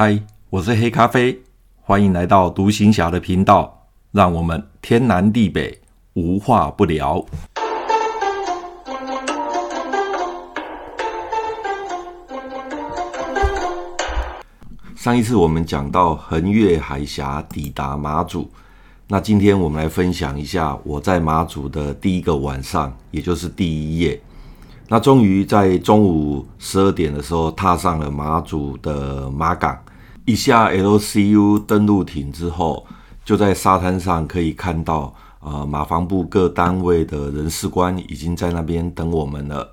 嗨，我是黑咖啡，歡迎來到讀行俠的頻道，讓我們天南地北無話不聊。上一次我們講到橫越海峽抵達馬祖，那今天我們來分享一下我在馬祖的第一個晚上，也就是第一夜。那終於在中午十二點的時候，踏上了馬祖的馬港。一下 LCU 登陸艇之後，就在沙灘上可以看到，呃，馬防部各單位的人事官已經在那邊等我們了。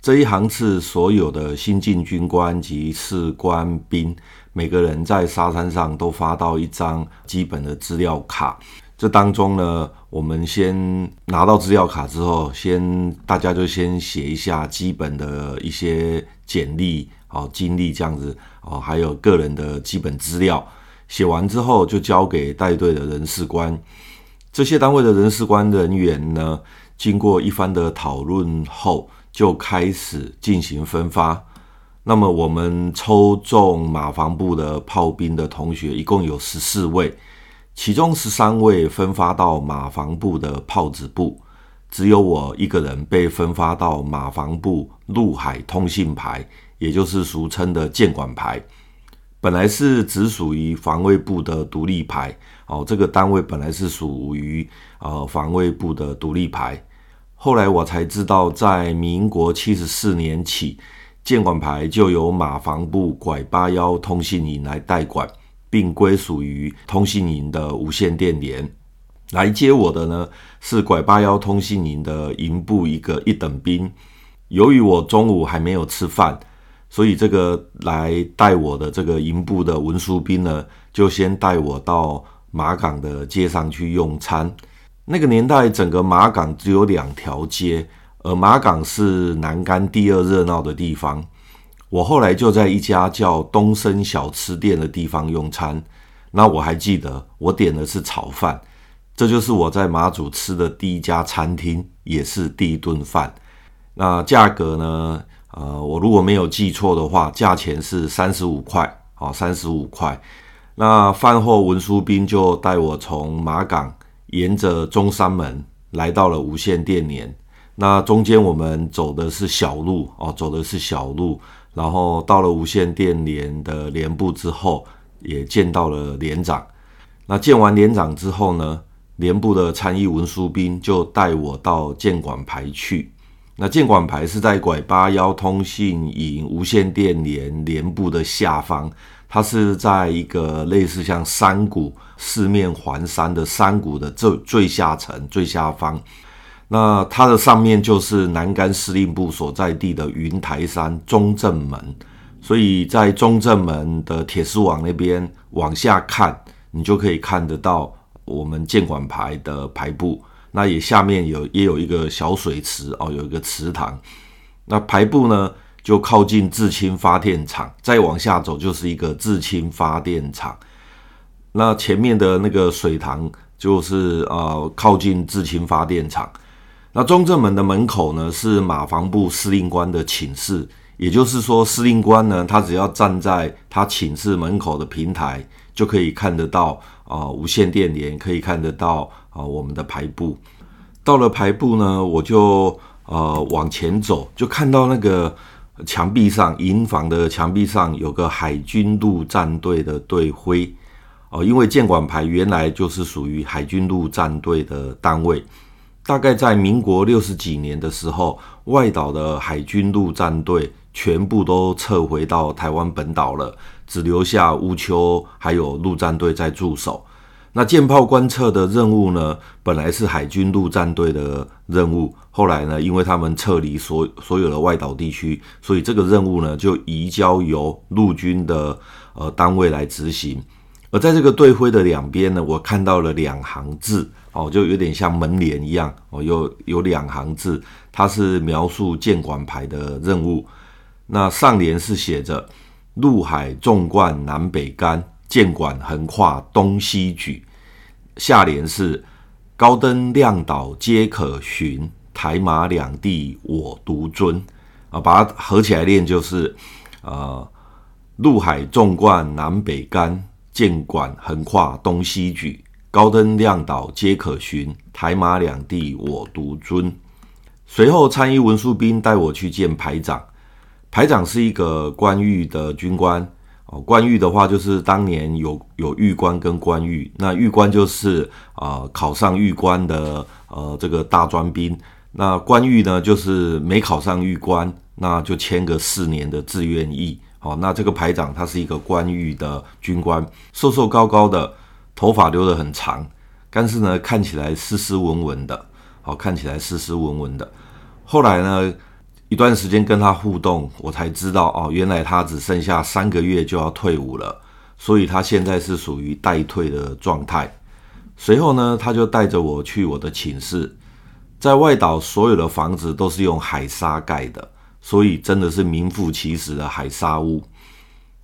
這一航次所有的新進軍官及士官兵，每個人在沙灘上都發到一張基本的資料卡。這當中呢，我們先拿到資料卡之後，先大家就先寫一下基本的一些簡歷。好、哦，經歷這樣子哦，還有個人的基本資料寫完之後，就交給帶隊的人事官。這些單位的人事官人員呢，經過一番的討論後，就開始進行分發。那麼我們抽中馬防部的炮兵的同學一共有十四位，其中十三位分發到馬防部的炮子部，只有我一個人被分發到馬防部陸海通信排。也就是俗稱的艦管排，本來是只屬於防衛部的獨立排哦。這個單位本來是屬於呃防衛部的獨立排，後來我才知道，在民國七十四年起，艦管排就由馬防部拐八幺通信營來代管，並歸屬於通信營的無線電連。來接我的呢是拐八幺通信營的營部一個一等兵。由於我中午還沒有吃飯。所以，這個來帶我的這個營部的文書兵呢，就先帶我到馬港的街上去用餐。那個年代，整個馬港只有兩條街，而馬港是南竿第二熱鬧的地方。我後來就在一家叫東升小吃店的地方用餐。那我還記得，我點的是炒飯。這就是我在馬祖吃的第一家餐廳，也是第一頓飯。那價格呢？呃，我如果沒有記錯的話，價錢是三十五塊，好、哦，三十五塊。那飯後，文書兵就帶我從馬港沿着中山門來到了無線電連。那中間我們走的是小路，哦，走的是小路。然後到了無線電連的連部之後，也見到了連長。那見完連長之後呢，連部的參議文書兵就帶我到艦管排去。那艦管排是在拐八幺通信營無線電連連部的下方，它是在一個類似像山谷，四面環山的山谷的最最下層最下方。那它的上面就是南竿司令部所在地的雲台山中正門，所以在中正門的鐵絲網那邊往下看，你就可以看得到我們艦管排的排部。那也下面有也有一個小水池哦，有一個池塘。那排部呢，就靠近自清發電廠。再往下走就是一個自清發電廠。那前面的那個水塘就是呃靠近自清發電廠。那中正門的門口呢，是馬防部司令官的寢室，也就是說司令官呢，他只要站在他寢室門口的平台，就可以看得到啊、呃，無線電連可以看得到。啊、哦，我們的排部，到了排部呢，我就呃往前走，就看到那個牆壁上，營房的牆壁上有個海軍陸戰隊的隊徽。哦，因為艦管排原來就是屬於海軍陸戰隊的單位。大概在民國六十幾年的時候，外島的海軍陸戰隊全部都撤回到台灣本島了，只留下烏坵還有陸戰隊在駐守。那艦炮觀測的任務呢，本來是海軍陸戰隊的任務，後來呢，因為他們撤離所所有的外島地區，所以這個任務呢就移交由陸軍的呃單位來執行。而在這個隊徽的兩邊呢，我看到了兩行字哦，就有點像門簾一樣哦，有有兩行字，它是描述艦管排的任務。那上聯是寫着“陸海縱貫南北竿，艦管橫跨東西莒”。下聯是“高登亮島皆可尋，台馬兩地我獨尊”。啊，把它合起來念就是：啊、呃，陸海縱貫南北竿，艦管橫跨東西莒。高登亮島皆可尋，台馬兩地我獨尊。隨後，參議文書兵帶我去見排長，排長是一個關玉的軍官。哦，官預的話就是當年有有預官跟官預，那預官就是啊、呃、考上預官的呃這個大專兵，那官預呢就是沒考上預官，那就簽個四年的志願役。好、哦，那這個排長他是一個官預的軍官，瘦瘦高高的，頭髮留得很長，但是呢看起來斯斯文文的。好、哦、看起來斯斯文文的。後來呢，一段時間跟他互動，我才知道哦，原來他只剩下三個月就要退伍了，所以他現在是屬於待退的狀態。隨後呢，他就帶着我去我的寢室，在外島所有的房子都是用海沙蓋的，所以真的是名副其實的海沙屋。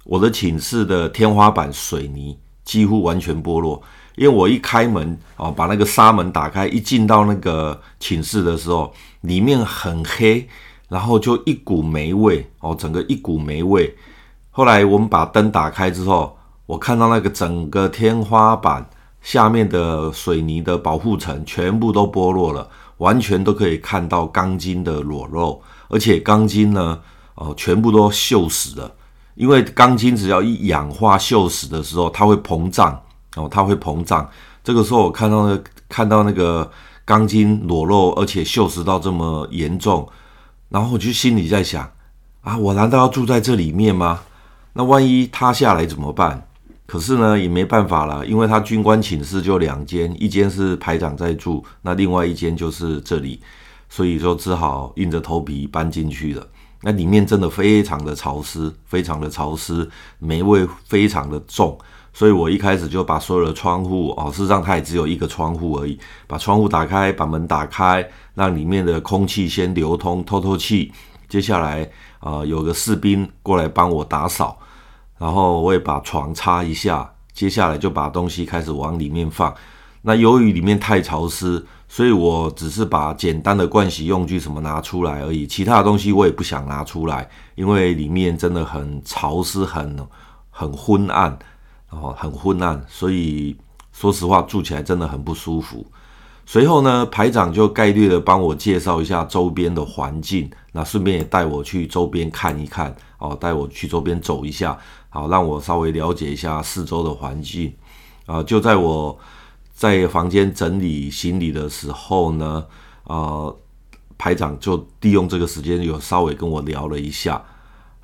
我的寢室的天花板水泥幾乎完全剝落，因為我一開門哦，把那個紗門打開，一進到那個寢室的時候，裡面很黑。然後就一股霉味哦，整個一股霉味。後來我們把燈打開之後，我看到那個整個天花板下面的水泥的保護層全部都剝落了，完全都可以看到鋼筋的裸露，而且鋼筋呢，哦，全部都鏽死了。因為鋼筋只要一氧化鏽死的時候，它會膨脹哦，它會膨脹。這個時候我看到那看到那個鋼筋裸露，而且鏽蝕到這麼嚴重。然後我就心裡在想，啊，我難道要住在這裡面嗎？那萬一塌下來怎麼辦？可是呢，也沒辦法了，因為他軍官寢室就兩間，一間是排長在住，那另外一間就是這裡，所以說只好硬着頭皮搬進去了。那裡面真的非常的潮濕，非常的潮濕，霉味非常的重。所以我一開始就把所有的窗戶哦，事實上它也只有一個窗戶而已，把窗戶打開，把門打開，讓裡面的空氣先流通透透氣。接下來啊、呃，有個士兵過來幫我打掃，然後我也把床擦一下。接下來就把東西開始往裡面放。那由於裡面太潮濕，所以我只是把簡單的盥洗用具什麼拿出來而已，其他的東西我也不想拿出來，因為裡面真的很潮濕，很很昏暗。哦，很昏暗，所以說實話住起來真的很不舒服。隨後呢，排長就概略的幫我介紹一下周邊的環境，那順便也帶我去周邊看一看，哦，帶我去周邊走一下，好，讓我稍微了解一下四周的環境。啊、呃，就在我在房間整理行李的時候呢，呃，排長就利用這個時間有稍微跟我聊了一下。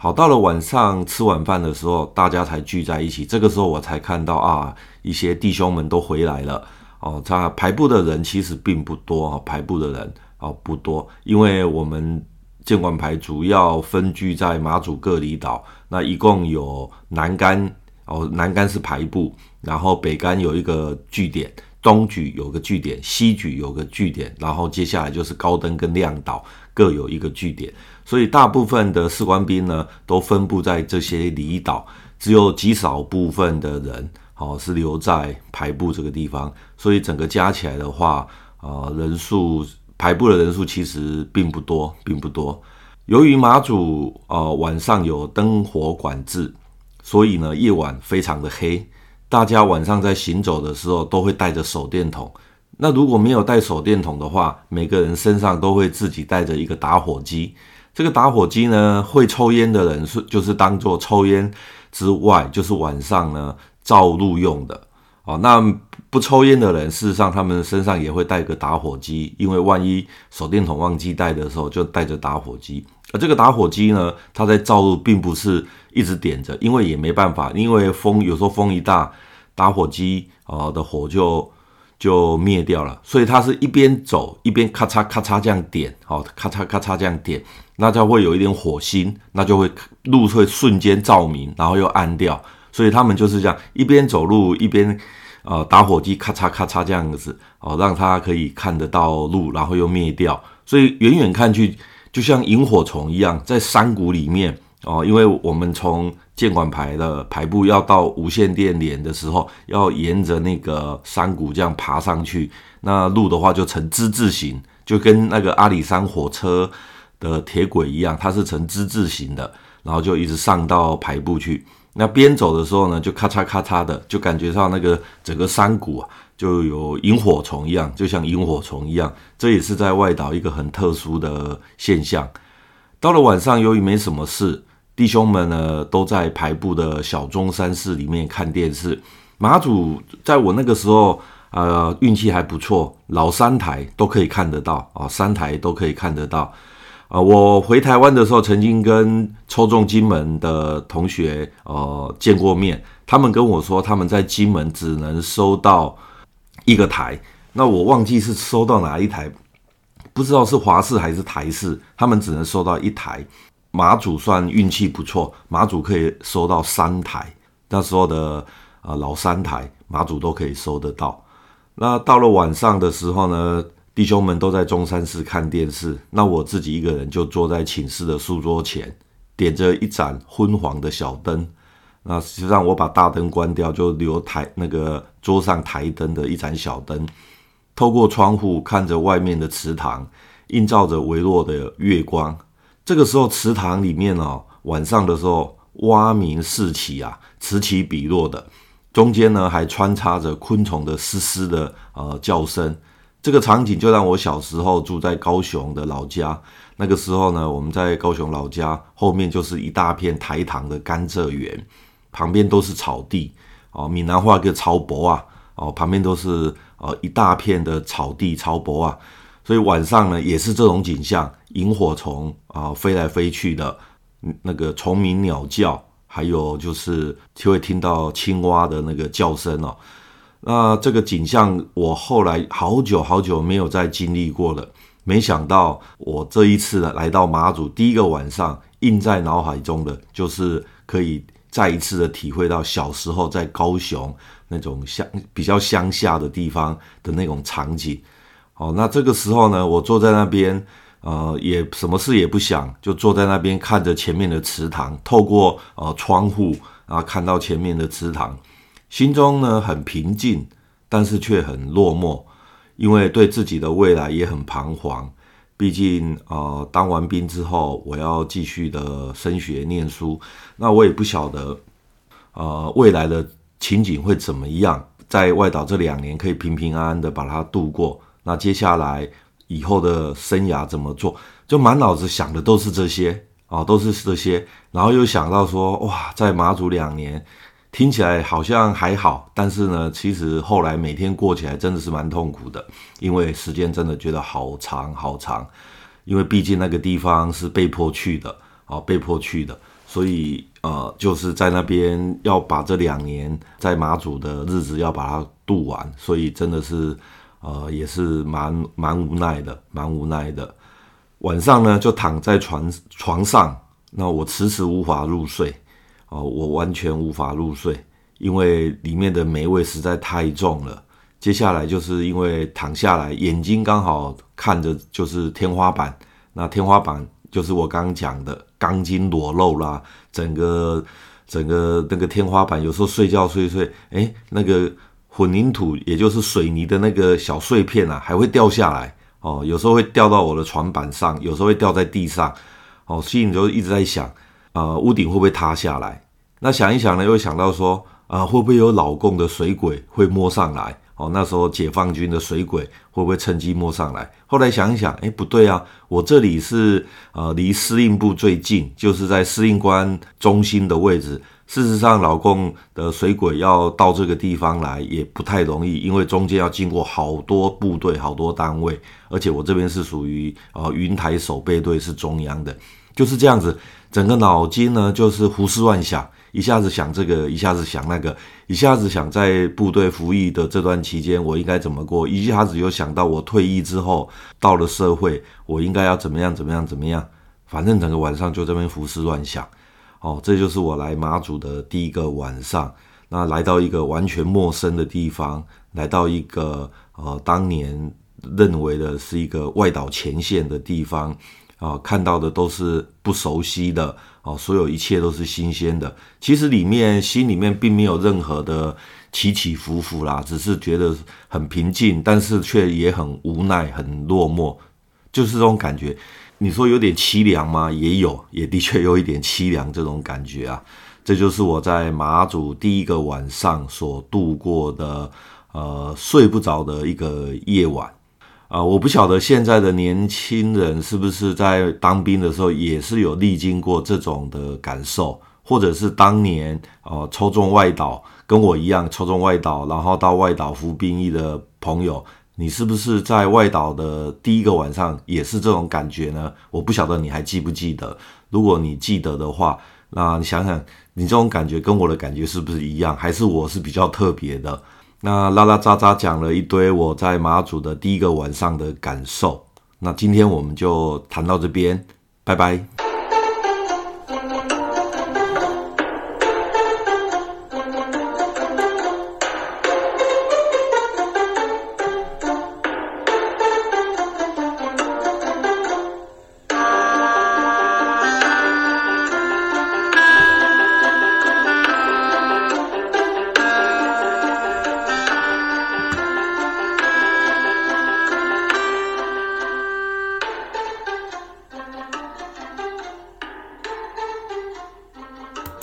好，到了晚上吃晚飯的時候，大家才聚在一起。這個時候我才看到啊，一些弟兄們都回來了。哦、啊，排部的人其實並不多排部、啊、的人啊不多，因為我們艦管排主要分居在馬祖各離島。那一共有南竿哦、啊，南竿是排部，然後北竿有一個據點，東莒有個據點，西莒有個據點，然後接下來就是高登跟亮島。各有一個據點，所以大部分的士官兵呢都分布在這些離島，只有極少部分的人好、哦、是留在排部這個地方。所以整個加起來的話，啊、呃，人數排部的人數其實並不多，並不多。由於馬祖啊、呃、晚上有燈火管制，所以呢夜晚非常的黑，大家晚上在行走的時候都會帶着手電筒。那如果沒有帶手電筒的話，每個人身上都會自己帶着一個打火機。這個打火機呢，會抽煙的人是就是當做抽煙之外，就是晚上呢照路用的。哦。那不抽煙的人，事實上他們身上也會帶個打火機，因為萬一手電筒忘記帶的時候，就帶着打火機。而這個打火機呢，它在照路並不是一直點着，因為也沒辦法，因為風有時候風一大，打火機啊、呃、的火就。就滅掉了，所以它是一邊走一邊咔嚓咔嚓這樣點，哦，咔嚓咔嚓這樣點，那就會有一點火星，那就會路會瞬間照明，然後又暗掉，所以他們就是這樣一邊走路一邊，呃，打火機咔嚓咔嚓這樣子，哦，讓它可以看得到路，然後又滅掉，所以遠遠看去就像螢火蟲一樣，在山谷裡面。哦，因為我們從艦管排的排部要到無線電連的時候，要沿着那個山谷這樣爬上去，那路的話就呈之字形，就跟那個阿里山火車的鐵軌一樣，它是呈之字形的，然後就一直上到排部去。那邊走的時候呢，就咔嚓咔嚓的，就感覺到那個整個山谷啊，就有螢火蟲一樣，就像螢火蟲一樣，這也是在外島一個很特殊的現象。到了晚上，由於沒什麼事。弟兄們呢，都在排部的小中山室裡面看電視。馬祖在我那個時候，呃，運氣還不錯，老三台都可以看得到啊、哦，三台都可以看得到。啊、呃，我回台灣的時候，曾經跟抽中金門的同學，呃，見過面。他們跟我說，他們在金門只能收到一個台，那我忘記是收到哪一台，不知道是華視還是台視，他們只能收到一台。馬祖算運氣不錯，馬祖可以收到三台，那時候的啊、呃、老三台，馬祖都可以收得到。那到了晚上的時候呢，弟兄們都在中山室看電視，那我自己一個人就坐在寢室的書桌前，點着一盞昏黃的小燈。那實際上我把大燈關掉，就留台那個桌上台燈的一盞小燈，透過窗戶看着外面的池塘，映照着微弱的月光。這個時候，池塘裡面哦，晚上的時候蛙鳴四起啊，此起彼落的，中間呢還穿插着昆蟲的嘶嘶的呃叫聲。這個場景就讓我小時候住在高雄的老家。那個時候呢，我們在高雄老家後面就是一大片台糖的甘蔗園，旁邊都是草地哦、呃，閩南話叫草埔啊哦、呃，旁邊都是呃一大片的草地草埔啊。所以晚上呢，也是這種景象，螢火蟲啊飛來飛去的，那個蟲鳴鳥叫，還有就是就會聽到青蛙的那個叫聲哦。那這個景象，我後來好久好久沒有再經歷過了。沒想到我這一次來到馬祖，第一個晚上印在腦海中的，就是可以再一次的體會到小時候在高雄那種鄉比較鄉下的地方的那種場景。哦，那這個時候呢，我坐在那邊，呃，也什麼事也不想，就坐在那邊看着前面的池塘，透過呃窗戶啊、呃，看到前面的池塘，心中呢很平靜，但是卻很落寞，因為對自己的未來也很彷徨。畢竟啊、呃，當完兵之後，我要繼續的升學念書，那我也不曉得，呃，未來的情景會怎麼樣，在外島這兩年可以平平安安的把它度過。那接下來以後的生涯怎麼做？就滿腦子想的都是這些啊，都是這些。然後又想到說，哇，在馬祖兩年，聽起來好像還好，但是呢，其實後來每天過起來真的是蠻痛苦的，因為時間真的覺得好長好長。因為畢竟那個地方是被迫去的啊，被迫去的，所以呃，就是在那邊要把這兩年在馬祖的日子要把它度完，所以真的是。啊、呃，也是蠻蠻無奈的，蠻無奈的。晚上呢，就躺在床床上，那我遲遲無法入睡，哦、呃，我完全無法入睡，因為裡面的霉味實在太重了。接下來就是因為躺下來，眼睛剛好看着就是天花板，那天花板就是我剛剛講的鋼筋裸露啦、啊，整個整個那個天花板，有時候睡覺睡睡，哎，那個。混凝土，也就是水泥的那個小碎片啊，還會掉下來哦。有時候會掉到我的床板上，有時候會掉在地上。哦，所以你就一直在想，呃，屋頂會不會塌下來？那想一想呢，又想到說，啊、呃，會不會有老共的水鬼會摸上來？哦，那時候解放軍的水鬼會不會趁機摸上來？後來想一想，哎，不對啊，我這裡是呃離司令部最近，就是在司令官中心的位置。事實上，老共的水鬼要到這個地方來也不太容易，因為中間要經過好多部隊、好多單位，而且我這邊是屬於呃雲台守備隊，是中央的，就是這樣子。整個腦筋呢就是胡思亂想，一下子想這個，一下子想那個，一下子想在部隊服役的這段期間我應該怎麼過，一下子又想到我退役之後到了社會，我應該要怎麼樣、怎麼樣、怎麼樣，反正整個晚上就這邊胡思亂想。哦，這就是我來馬祖的第一個晚上。那來到一個完全陌生的地方，來到一個呃，當年認為的是一個外島前線的地方啊，呃，看到的都是不熟悉的哦，所有一切都是新鮮的。其實裡面心裡面並沒有任何的起起伏伏啦，只是覺得很平靜，但是卻也很無奈、很落寞，就是這種感覺。你說有點淒涼嗎？也有，也的確有一點淒涼這種感覺啊。這就是我在馬祖第一個晚上所度過的，呃，睡不着的一個夜晚啊。呃，我不曉得現在的年輕人是不是在當兵的時候也是有歷經過這種的感受，或者是當年，呃，抽中外島，跟我一樣抽中外島，然後到外島服兵役的朋友，你是不是在外島的第一個晚上也是這種感覺呢？我不曉得你還記不記得。如果你記得的話，那你想想，你這種感覺跟我的感覺是不是一樣？還是我是比較特別的？那拉拉雜雜講了一堆我在馬祖的第一個晚上的感受。那今天我們就談到這邊，拜拜。